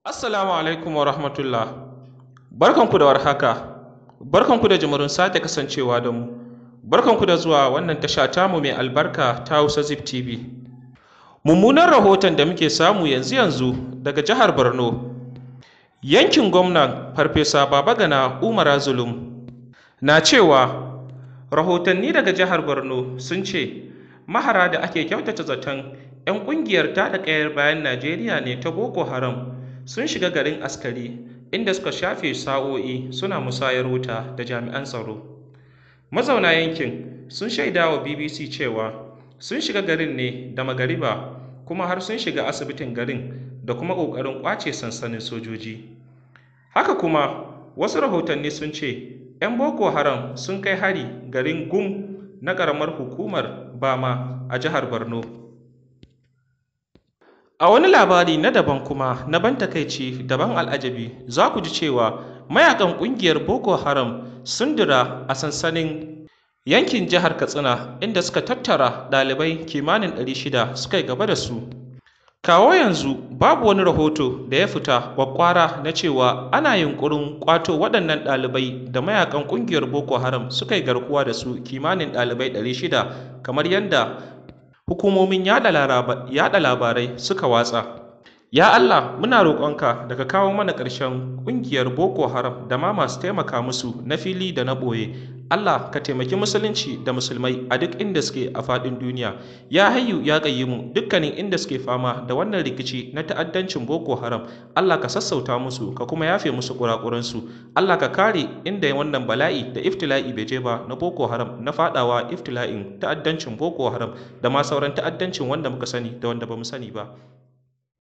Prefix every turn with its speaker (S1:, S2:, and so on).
S1: Assalamu alaikum wa rahmatullah. Barkanku da warhaka. Barkanku da jimurin sake kasancewa da mu. Barkanku da zuwa wannan tasha mu mai albarka ta Hausa Zip TV. Mummunan rahoton da muke samu yanzu yanzu daga jihar Borno. Yankin gwamnan Farfesa Babagana Umar Zulum na cewa rahotanni daga jihar Borno sun ce mahara da ake kyautata zaton 'yan kungiyar ta da kayar bayan Najeriya ne ta Boko Haram sun shiga garin askari inda suka shafe sa'o'i suna musayar wuta da jami'an tsaro mazauna yankin sun shaida wa bbc cewa sun shiga garin ne da magariba kuma har sun shiga asibitin garin da kuma ƙoƙarin ƙwace sansanin sojoji haka kuma wasu rahotanni sun ce 'yan boko haram sun kai hari garin gum na ƙaramar hukumar bama a jihar borno A wani labari na daban kuma na ban takaici daban al'ajabi za ku ji cewa mayakan ƙungiyar Boko Haram sun dira a sansanin yankin jihar Katsina inda suka tattara ɗalibai kimanin 600 suka yi gaba da su. Kawo yanzu babu wani rahoto da ya fita kwakwara na cewa ana yunkurin kwato waɗannan ɗalibai da mayakan ƙungiyar Boko Haram suka yi garkuwa da su kimanin ɗalibai 600 kamar yadda hukumomin yaɗa labarai suka watsa. Ya Allah muna roƙonka daga kawo mana ƙarshen ƙungiyar Boko Haram da ma masu taimaka musu na fili da na ɓoye Allah ka taimaki musulunci da musulmai a duk inda suke a faɗin duniya ya hayyu ya mu dukkanin inda suke fama da wannan rikici na ta'addancin boko haram Allah ka sassauta musu ka kuma yafe musu kurakuransu Allah ka kare inda wannan bala'i da iftila'i bai je ba na boko haram na faɗawa iftila'in ta'addancin boko haram da ma sauran ta'addancin wanda muka sani da wanda ba mu sani ba